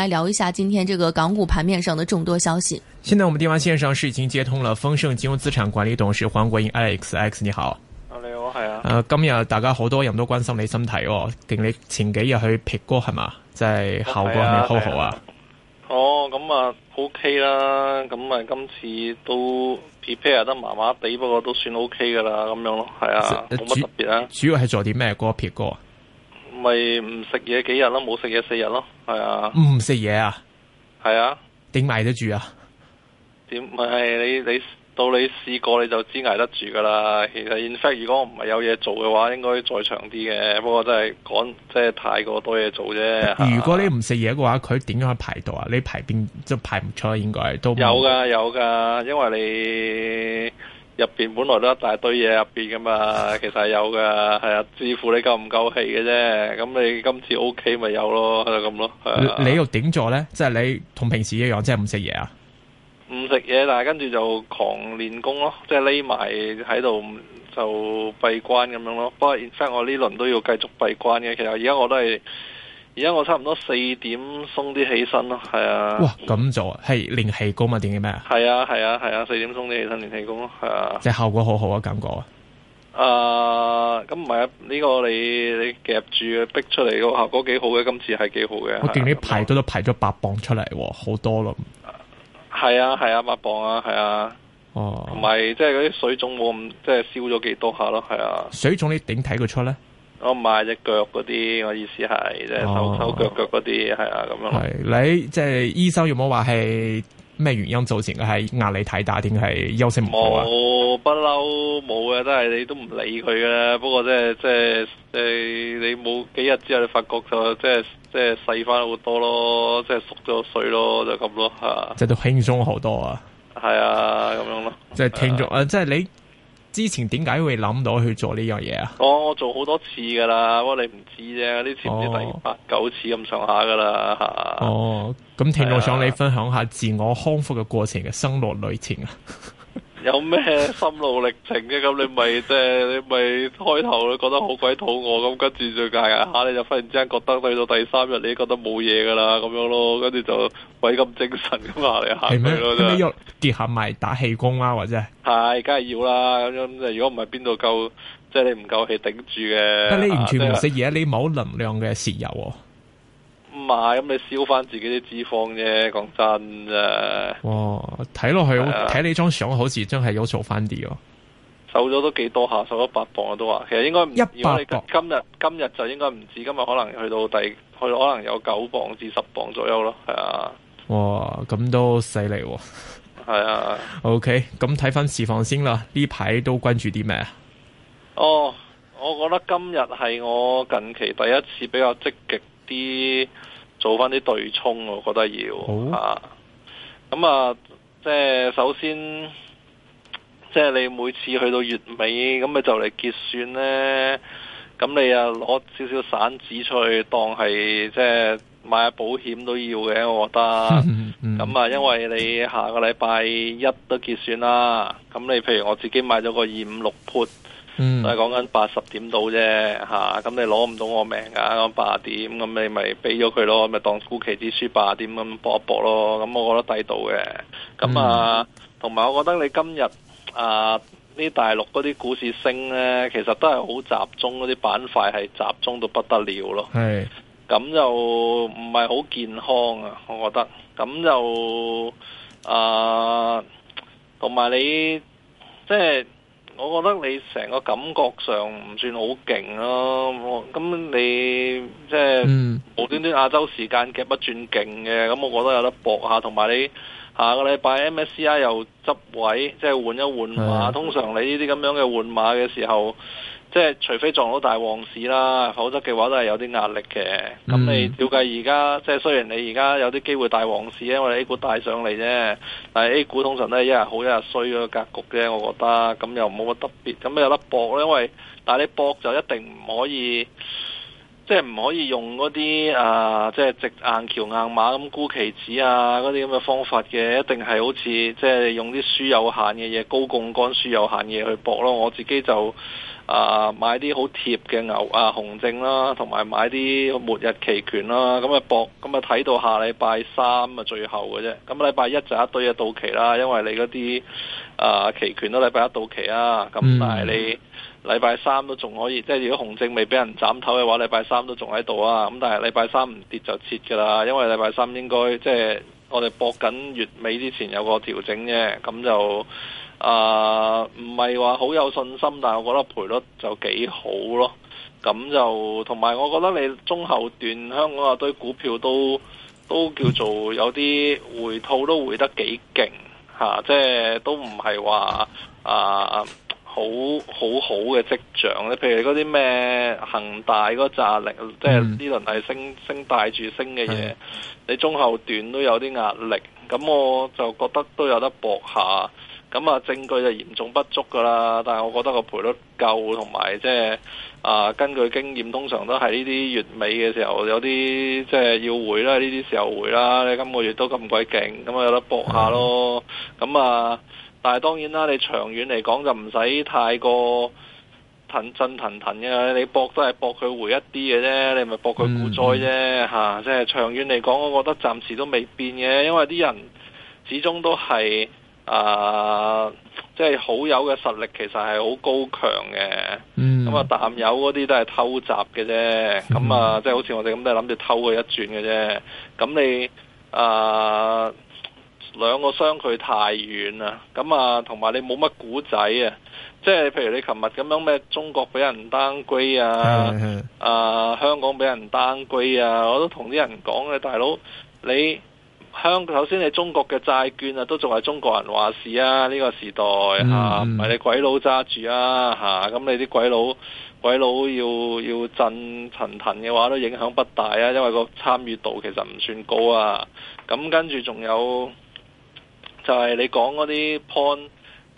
來聊一下今天這個港股盤面上的眾多消息。現在我們電話線上是已經接通了豐盛金融資產管理董事黃國英 Alex，Alex 你好。你好，係啊。誒，今日大家好多人都關心你身體，定你前幾日去撇歌係嘛？即係效果係咪好好啊？哦，咁啊 OK 啦，咁啊，今次都 prepare 得麻麻地，不過都算 OK 噶啦，咁樣咯，係啊，冇乜特別啦。主要係做啲咩歌撇歌？咪唔食嘢幾日咯，冇食嘢四日咯，係啊，唔食嘢啊，係啊，點挨得住啊？點咪係你你到你試過你就知挨得住噶啦。其實 in fact，如果我唔係有嘢做嘅話，應該再長啲嘅。不過真係講，即係太過多嘢做啫。啊、如果你唔食嘢嘅話，佢點樣去排毒啊？你排便即係排唔出應該，應該都有噶有噶，因為你。入邊本來都一大堆嘢入邊噶嘛，其實係有噶，係啊，只乎你夠唔夠氣嘅啫。咁你今次 OK 咪有咯，就咁咯。係啊，你又點做咧？即係你同平時一樣，即係唔食嘢啊？唔食嘢，但係跟住就狂練功咯，即係匿埋喺度就閉關咁樣咯。不過 in fact 我呢輪都要繼續閉關嘅，其實而家我都係。而家我差唔多四點鬆啲起身咯，係啊。哇，咁做啊，係練氣功啊，定係咩啊？係啊，係啊，係啊，四點鬆啲起身練氣功咯，係啊。即係效果好好啊，感覺啊。誒，咁唔係啊？呢個你你夾住逼出嚟個效果幾好嘅，今次係幾好嘅。我見你排都都排咗八磅出嚟，好多咯。係啊，係啊，八磅啊，係啊。哦，同埋即係嗰啲水腫冇咁，即係消咗幾多下咯，係啊。水腫你點睇佢出咧？我買隻腳嗰啲，我意思係即係手手腳腳嗰啲，係啊咁、啊、樣，係你即係醫生有冇話係咩原因造成嘅？係壓力太大定係休息唔好啊？冇不嬲，冇嘅，都係你都唔理佢嘅。不過即係即係即係你冇幾日之後，你發覺就即係即係細翻好多咯，即係縮咗水咯，就咁咯吓。啊、即係都輕鬆好多啊！係啊，咁樣咯、啊啊。即係聽咗。誒，即係你。之前點解會諗到去做呢樣嘢啊？我做好多次㗎喇，不過你唔知啫，呢次唔知第八、哦、九次咁上下㗎喇吓。啊、哦，咁聽我想你分享下自我康復嘅過程嘅生路旅程啊。 有咩心路歷程嘅，咁你咪即係你咪，就是就是就是，開頭咧覺得好鬼肚餓咁，跟住再挨下你就忽然之間覺得去到第三日你覺得冇嘢噶啦咁樣咯，跟住就鬼咁精神㗎嘛。嗎你行去咯真係。跌下埋打氣功啦，啊，或者係，梗係、啊，要啦。咁如果唔係邊度夠，即、就、係、是、你唔夠氣頂住嘅。你完全唔食嘢，啊就是，你冇能量嘅攝油、啊。唔係，咁、嗯、你燒翻自己啲脂肪啫。講真啫。哇，睇落去睇、啊、你張相，好似真係有做翻啲哦。瘦咗都幾多下，瘦咗八磅都話。其實應該唔要。今日今日就應該唔止，今日可能去到第，去可能有九磅至十磅左右咯。係啊。哇，咁都犀利。係啊。O K，咁睇翻市況先啦。呢排都關注啲咩啊？哦，我覺得今日係我近期第一次比較積極啲做翻啲對沖，我覺得要的啊。咁、嗯、啊，即係首先，即係你每次去到月尾，咁咪就嚟結算呢。咁你啊攞少少散紙出去當係即係買下保險都要嘅，我覺得。咁啊，因為你下個禮拜一都結算啦。咁你譬如我自己買咗個二五六 put。嗯啊嗯、我係講緊八十點到啫。嚇、嗯！咁你攞唔到我命噶。咁、嗯、八點，咁你咪俾咗佢咯，咪當沽期指輸八點，咁搏一搏咯。咁、嗯、我覺得低到嘅。咁、嗯嗯、啊，同埋我覺得你今日啊，呢大陸嗰啲股市升咧，其實都係好集中嗰啲板塊，係集中到不得了咯。係是，咁就唔係好健康啊，我覺得。咁就啊，同埋你即係。我覺得你成個感覺上唔算好勁咯，咁你即係、就是嗯、無端端亞洲時間夾不轉勁嘅，咁我覺得有得搏下。同埋你下個禮拜 MSCI 又執位，即係換一換馬。嗯、通常你呢啲咁樣嘅換馬嘅時候。即係除非撞到大旺市啦，否則嘅話都係有啲壓力嘅。咁、嗯、你了解而家即係雖然你而家有啲機會大旺市，因為 A 股帶上嚟啫，但係 A 股通常都係一日好一日衰嘅格局啫。我覺得咁又冇乜特別，咁有得搏咯。因為但係你搏就一定唔可以，即係唔可以用嗰啲誒，即係直硬橋硬馬咁沽棋子啊，嗰啲咁嘅方法嘅，一定係好似即係用啲輸有限嘅嘢，高槓桿輸有限嘢去搏咯。我自己就。啊！買啲好貼嘅牛啊，紅證啦，同埋買啲末日期權啦，咁啊搏，咁啊睇到下禮拜三啊，最後嘅啫。咁禮拜一就一堆嘢到期啦，因為你嗰啲啊期權都禮拜一到期啦。咁但係你禮拜、嗯、三都仲可以，即係如果紅證未俾人斬頭嘅話，禮拜三都仲喺度啊。咁但係禮拜三唔跌就切㗎啦，因為禮拜三應該即係我哋博緊月尾之前有個調整啫，咁就。啊，唔係話好有信心，但係我覺得賠率就幾好咯。咁就同埋，我覺得你中後段香港嘅堆股票都都叫做有啲回吐，都回得幾勁嚇。即係都唔係話啊好，好好好嘅跡象。你譬如嗰啲咩恒大嗰個壓力，即係呢輪係升升帶住升嘅嘢，的你中後段都有啲壓力。咁我就覺得都有得搏下。咁啊，證據就嚴重不足噶啦，但係我覺得個賠率夠同埋即係啊，根據經驗，通常都係呢啲月尾嘅時候有啲即係要回啦，呢啲時候回啦，你今個月都咁鬼勁，咁啊有得博下咯。咁啊、嗯，但係當然啦，你長遠嚟講就唔使太過騰震騰騰嘅，你博都係博佢回一啲嘅啫，你咪博佢股災啫嚇。即係、嗯嗯啊就是、長遠嚟講，我覺得暫時都未變嘅，因為啲人始終都係。啊，即係好友嘅實力其實係好高強嘅，咁啊淡友嗰啲都係偷襲嘅啫，咁啊即係好似我哋咁都係諗住偷佢一轉嘅啫，咁你啊兩個相距太遠啦，咁啊同埋你冇乜古仔啊，即係譬如你琴日咁樣咩中國俾人單歸啊，啊香港俾人單歸啊，我都同啲人講嘅大佬你。香首先你中國嘅債券啊，都仲係中國人話事啊！呢、這個時代嚇，唔、啊、係你鬼佬揸住啊嚇。咁、啊、你啲鬼佬鬼佬要要震騰騰嘅話，都影響不大啊，因為個參與度其實唔算高啊。咁、啊、跟住仲有就係你講嗰啲 point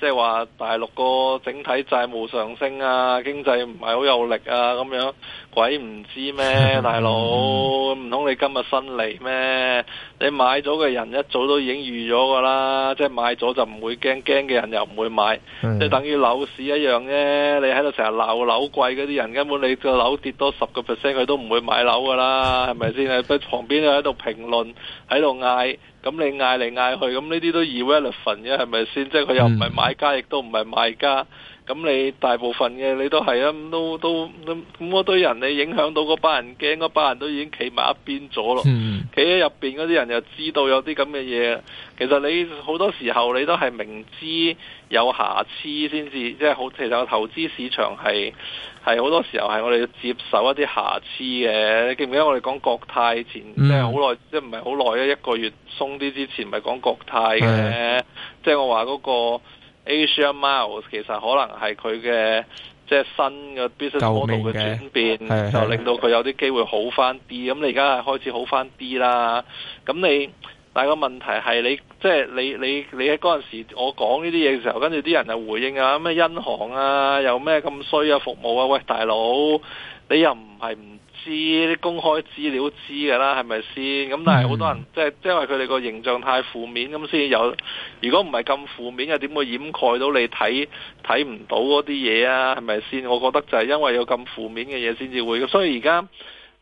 即係話大陸個整體債務上升啊，經濟唔係好有力啊咁樣。鬼唔知咩，大佬，唔通你今日新嚟咩？你買咗嘅人一早都已經預咗噶啦，即係買咗就唔會驚，驚嘅人又唔會買，即係、嗯、等於樓市一樣啫。你喺度成日鬧樓貴嗰啲人，根本你個樓跌多十個 percent，佢都唔會買樓噶啦，係咪先？喺旁邊又喺度評論，喺度嗌。咁你嗌嚟嗌去，咁呢啲都 irrelevant 嘅，係咪先？即係佢又唔係買家，亦都唔係賣家。咁你大部分嘅你都係啊，都都咁咁堆人，你影響到嗰班人驚，嗰班人都已經企埋一邊咗咯。企喺入邊嗰啲人又知道有啲咁嘅嘢。其實你好多時候你都係明知有瑕疵先至，即係好其實投資市場係。係好多時候係我哋接受一啲瑕疵嘅，你記唔記得我哋講國泰前即係好耐，即係唔係好耐咧？一個月鬆啲之前咪講國泰嘅，mm hmm. 即係我話嗰個 Asia Miles 其實可能係佢嘅即係新嘅 business model 嘅轉變，就令到佢有啲機會好翻啲。咁、mm hmm. 嗯、你而家係開始好翻啲啦，咁你。但個問題係你即係你你你喺嗰陣時，我講呢啲嘢嘅時候，跟住啲人又回應啊咩銀行啊，又咩咁衰啊服務啊。喂，大佬，你又唔係唔知啲公開資料知噶啦係咪先？咁但係好多人即係即係因為佢哋個形象太負面咁先有，如果唔係咁負面又點會掩蓋到你睇睇唔到嗰啲嘢啊係咪先？我覺得就係因為有咁負面嘅嘢先至會，所以而家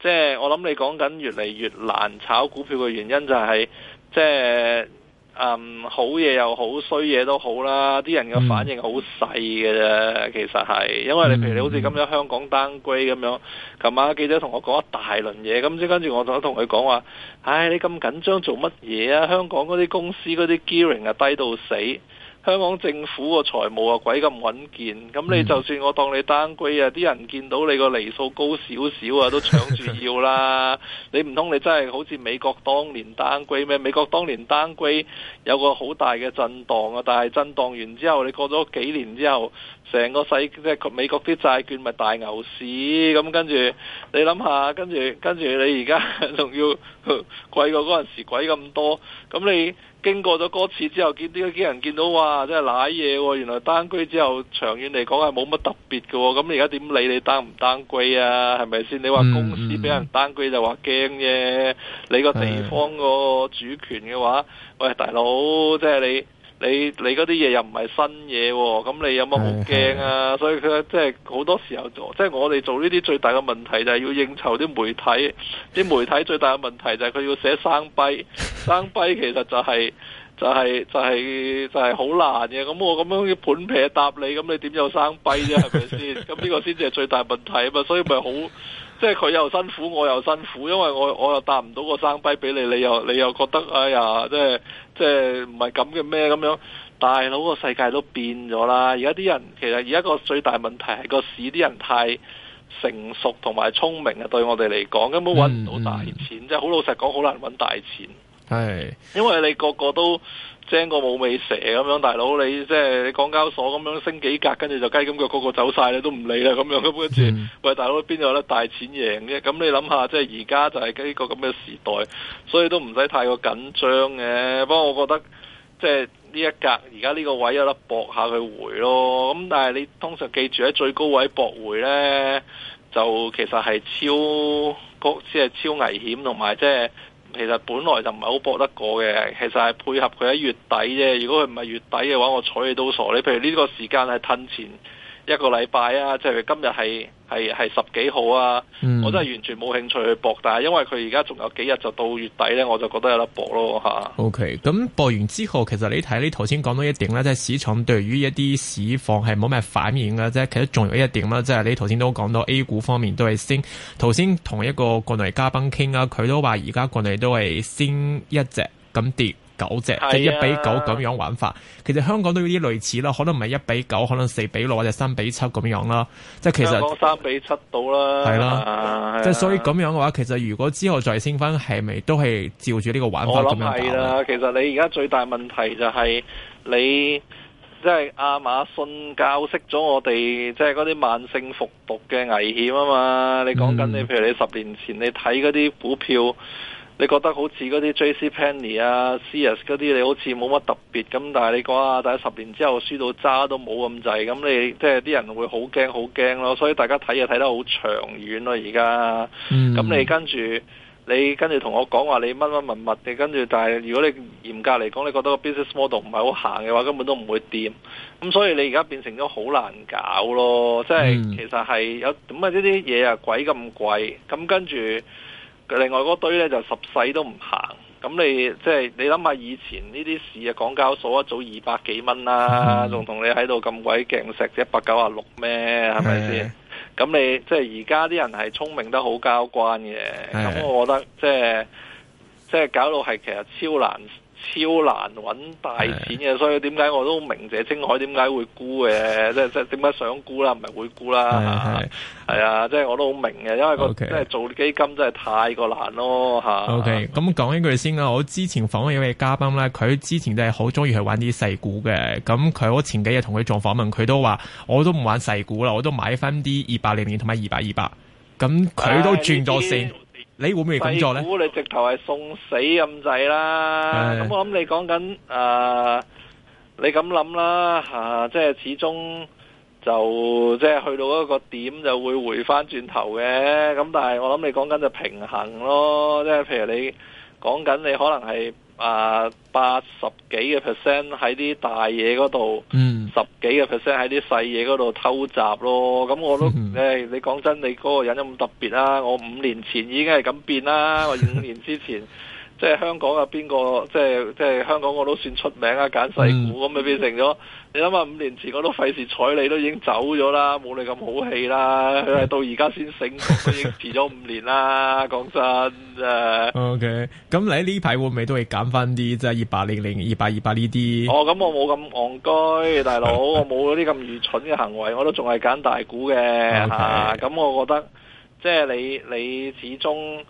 即係我諗你講緊越嚟越難炒股票嘅原因就係、是。即係、嗯、好嘢又好，衰嘢都好啦。啲人嘅反應好細嘅啫，嗯、其實係因為你譬如你好似咁樣香港單歸咁樣，琴晚記者同我講一大輪嘢，咁即跟住我就同佢講話，唉、哎、你咁緊張做乜嘢啊？香港嗰啲公司嗰啲 gearing 啊低到死。香港政府嘅財務啊，鬼咁穩健，咁你就算我當你單歸啊，啲人見到你個厘數高少少啊，都搶住要啦。 你唔通你真係好似美國當年單歸咩？美國當年單歸有個好大嘅震盪啊，但係震盪完之後，你過咗幾年之後。成個世即係美國啲債券咪大牛市咁，跟住你諗下，跟住跟住你而家仲要貴過嗰陣時鬼咁多，咁你經過咗嗰次之後，見啲啲人見到哇，真係瀨嘢喎！原來單居之後長遠嚟講係冇乜特別嘅喎，咁你而家點理你單唔單居啊？係咪先？你話公司俾人單居就話驚啫，你個地方個主權嘅話，嗯嗯、喂大佬，即係你。你你嗰啲嘢又唔係新嘢喎、哦，咁你有乜好驚啊？ 所以佢即係好多時候、就是、做，即係我哋做呢啲最大嘅問題就係要應酬啲媒體，啲媒體最大嘅問題就係佢要寫生啤，生啤其實就係、是、就係、是、就係、是、就係、是、好難嘅。咁我咁樣要盤撇答你，咁你點有生啤啫？係咪先？咁呢個先至係最大問題啊嘛，所以咪好。即係佢又辛苦，我又辛苦，因為我我又搭唔到個生坯俾你，你又你又覺得哎呀，即係即係唔係咁嘅咩咁樣？大佬個世界都變咗啦，而家啲人其實而家個最大問題係個市啲人太成熟同埋聰明啊，對我哋嚟講根本揾唔到大錢，即係好老實講，好難揾大錢。係，因為你個個都。成個冇尾蛇咁樣，大佬你即係你港交所咁樣升幾格，跟住就雞咁腳，個個走晒，你都唔理啦咁樣咁，跟住、嗯、喂，大佬邊度有得大錢贏嘅？咁你諗下，即係而家就係呢個咁嘅時代，所以都唔使太過緊張嘅。不過我覺得即係呢一格，而家呢個位有得搏下佢回咯。咁但係你通常記住喺最高位搏回咧，就其實係超高，即係超危險，同埋即係。其實本來就唔係好搏得過嘅，其實係配合佢喺月底啫。如果佢唔係月底嘅話，我睬你都傻。你譬如呢個時間係褪前一個禮拜啊，即係今日係。係係十幾號啊！嗯、我真係完全冇興趣去博，但係因為佢而家仲有幾日就到月底咧，我就覺得有得博咯吓 OK，咁博完之後，其實你睇你頭先講到一點咧，即係市場對於一啲市況係冇咩反應嘅啫。即其實仲有一點啦，即係你頭先都講到 A 股方面都係先，頭先同一個國內嘉賓傾啊，佢都話而家國內都係先一直咁跌。九隻、啊、1 即一比九咁樣玩法，其實香港都有啲類似啦，可能唔係一比九，可能四比六或者三比七咁樣啦。即其實三比七到啦，係啦、啊。啊、即所以咁樣嘅話，其實如果之後再升返，係咪都係照住呢個玩法咁我諗 樣講？係啦、啊，其實你而家最大問題就係你即係亞馬遜教識咗我哋，即係嗰啲慢性服毒嘅危險啊嘛。你講緊你，嗯、譬如你十年前你睇嗰啲股票。你覺得好似嗰啲 J.C.Penney 啊、CS 嗰啲，你好似冇乜特別咁，但係你講下，大家十年之後輸到渣都冇咁滯，咁你即係啲人會好驚好驚咯。所以大家睇嘢睇得好長遠咯、啊，而家。嗯。咁你跟住，你跟住同我講話，你乜乜乜乜，嘅，跟住，但係如果你嚴格嚟講，你覺得個 business model 唔係好行嘅話，根本都唔會掂。咁所以你而家變成咗好難搞咯，即係、嗯、其實係有咁啊！呢啲嘢啊，鬼咁貴，咁跟住。另外嗰堆咧就十世都唔行，咁你即係、就是、你諗下以前呢啲市嘅港交所一早二百幾蚊啦，仲同、嗯、你喺度咁鬼勁食一百九十六咩？係咪先？咁的你即係而家啲人係聰明得好交關嘅，咁的我覺得即係即係搞到係其實超難。超難搵大錢嘅，的所以點解我都明嘅，青海點解會沽嘅，即係即係點解想沽啦，唔係會沽啦，係啊的，即係的我都好明嘅，因為、那個即係 okay, 做基金真係太過難咯吓。O K，咁講一句先啦，我之前訪問一位嘉賓咧，佢之前真係好中意去玩啲細股嘅，咁佢我前幾日同佢做訪問，佢都話我都唔玩細股啦，我都買翻啲二百零年同埋二百二百，咁佢都轉咗線。你會唔會工作咧？估你直頭係送死咁滯、嗯呃、啦！咁我諗你講緊誒，你咁諗啦吓，即係始終就即係去到一個點就會回翻轉頭嘅。咁但係我諗你講緊就平衡咯，即係譬如你講緊你可能係誒八十幾嘅 percent 喺啲大嘢度。嗯。十幾個 percent 喺啲細嘢嗰度偷襲咯，咁我都誒、嗯哎，你講真，你嗰個人咁特別啦、啊。我五年前已經係咁變啦、啊，我五年之前 即係香港啊，邊個即係即係香港我都算出名啊，揀細股咁咪、嗯、變成咗。你諗下五年前我都費事睬你都已經走咗啦，冇你咁好氣啦， 佢係到而家先醒，都已經遲咗五年啦，講真誒。O K，咁你喺呢排會唔會都係揀翻啲即係二八零零、二八二八呢啲？哦、咁、嗯、我冇咁戇居，大佬，我冇嗰啲咁愚蠢嘅行為，我都仲係揀大股嘅吓。咁 Okay.、啊嗯、我覺得即係你你始終。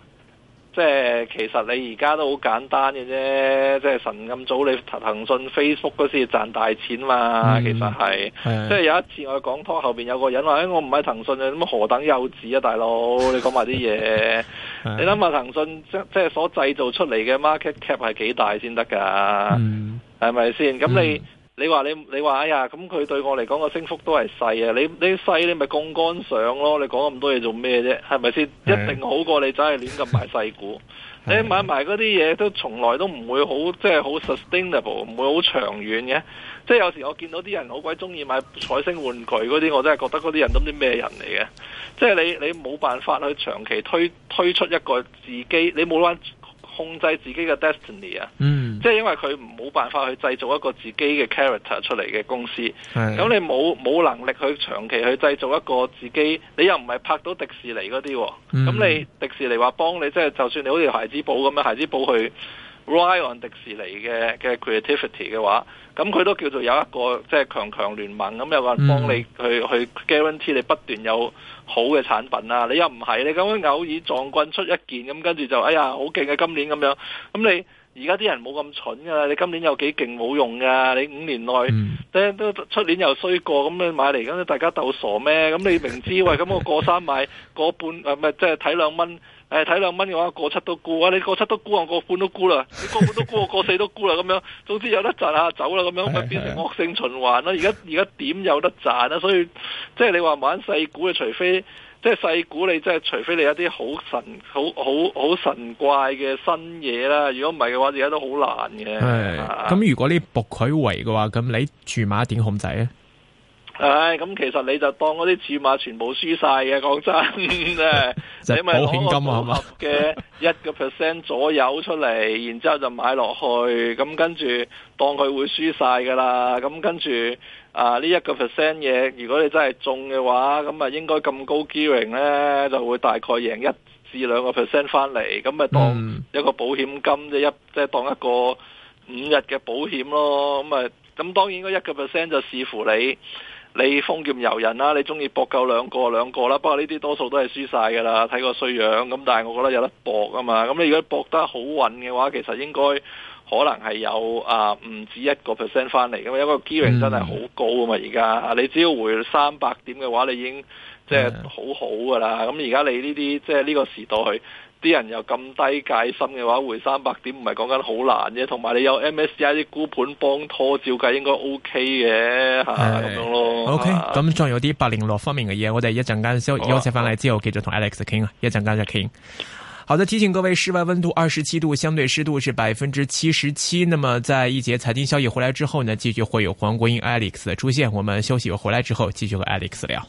即係其實你而家都好簡單嘅啫，即係神咁早你騰訊、Facebook 嗰時賺大錢嘛，其實係，嗯、即係有一次我講拖後邊有個人話，哎，我唔係騰訊啊，咁何等幼稚啊，大佬，你講埋啲嘢， 的你諗下騰訊即即係所製造出嚟嘅 market cap 係幾大先得噶，係咪先？咁你。嗯你話你你話哎呀，咁佢對我嚟講個升幅都係細啊！你你細你咪槓杆上咯，你講咁多嘢做咩啫？係咪先？一定好過你走去亂咁買細股。 你買埋嗰啲嘢都從來都唔會好，即係好 sustainable，唔會好長遠嘅。即係有時我見到啲人好鬼中意買彩星玩具嗰啲，我真係覺得嗰啲人都唔知咩人嚟嘅。即係你你冇辦法去長期推推出一個自己，你冇辦法控制自己嘅 destiny 啊！嗯即係因為佢冇辦法去製造一個自己嘅 character 出嚟嘅公司，咁的你冇冇能力去長期去製造一個自己，你又唔係拍到迪士尼嗰啲、哦，咁、嗯、你迪士尼話幫你，即、就、係、是、就算你好似孩之寶咁樣，孩之寶去 ride on 迪士尼嘅嘅 creativity 嘅話，咁佢都叫做有一個即係、就是、強強聯盟，咁又個人幫你去、嗯、去 guarantee 你不斷有好嘅產品啦、啊，你又唔係你咁樣偶爾撞棍出一件，咁跟住就哎呀好勁嘅今年咁樣，咁你。而家啲人冇咁蠢噶啦，你今年有幾勁冇用噶，你五年內，都出、嗯、年又衰過咁樣買嚟，咁都大家鬥傻咩？咁你明知喂，咁、那、我、個、過三買個半，唔、呃、係即係睇兩蚊，誒、呃、睇兩蚊嘅話過七都沽啊，你過七都沽啊，過半都沽啦，你過半都沽啊， 過四都沽啦，咁樣，總之有得賺嚇就走啦，咁樣咪的變成惡性循環咯。而家而家點有得賺啊？所以即係你話玩細股啊，除非。即係細股你即係除非你有啲好神、好好好神怪嘅新嘢啦，如果唔係嘅話，而家都好難嘅。咁唉、啊、如果你博佢圍嘅話，咁你注碼點控制呢？唉，咁、哎、其實你就當嗰啲賬碼全部輸晒嘅，講真咧，你咪攞個保額嘅一個 percent 左右出嚟， 然之後就買落去，咁跟住當佢會輸晒㗎喇，咁跟住啊呢一個 percent 嘢，如果你真係中嘅話，咁啊應該咁高 gearing 咧，就會大概贏一至兩個 percent 翻嚟，咁啊當一個保險金即一即當一個五日嘅保險咯，咁啊咁當然一個 percent 就視乎你。你封劍遊人啦，你中意博夠兩個兩個啦，不過呢啲多數都係輸晒噶啦，睇個衰樣咁。但係我覺得有得博啊嘛，咁你如果博得好穩嘅話，其實應該可能係有啊唔、呃、止一個 percent 翻嚟，因為一個 gearing 真係好高啊嘛。而家、嗯、你只要回三百點嘅話，你已經即係、嗯、好好噶啦。咁而家你呢啲即係呢個時代，啲人又咁低戒心嘅話，回三百點唔係講緊好難啫。同埋你有 MSCI 啲估盤幫拖，照計應該 OK 嘅吓。咁樣咯，OK，咁仲有啲八零六方面嘅嘢，我哋一陣間休，休息翻嚟之後繼續同 Alex 傾啊。一陣間再傾。好的，提醒各位，室外溫度二十七度，相對濕度係百分之七十七。那麼在一節財經消息回來之後呢，繼續會有黃國英 Alex 出現。我們休息回來之後，繼續和 Alex 聊。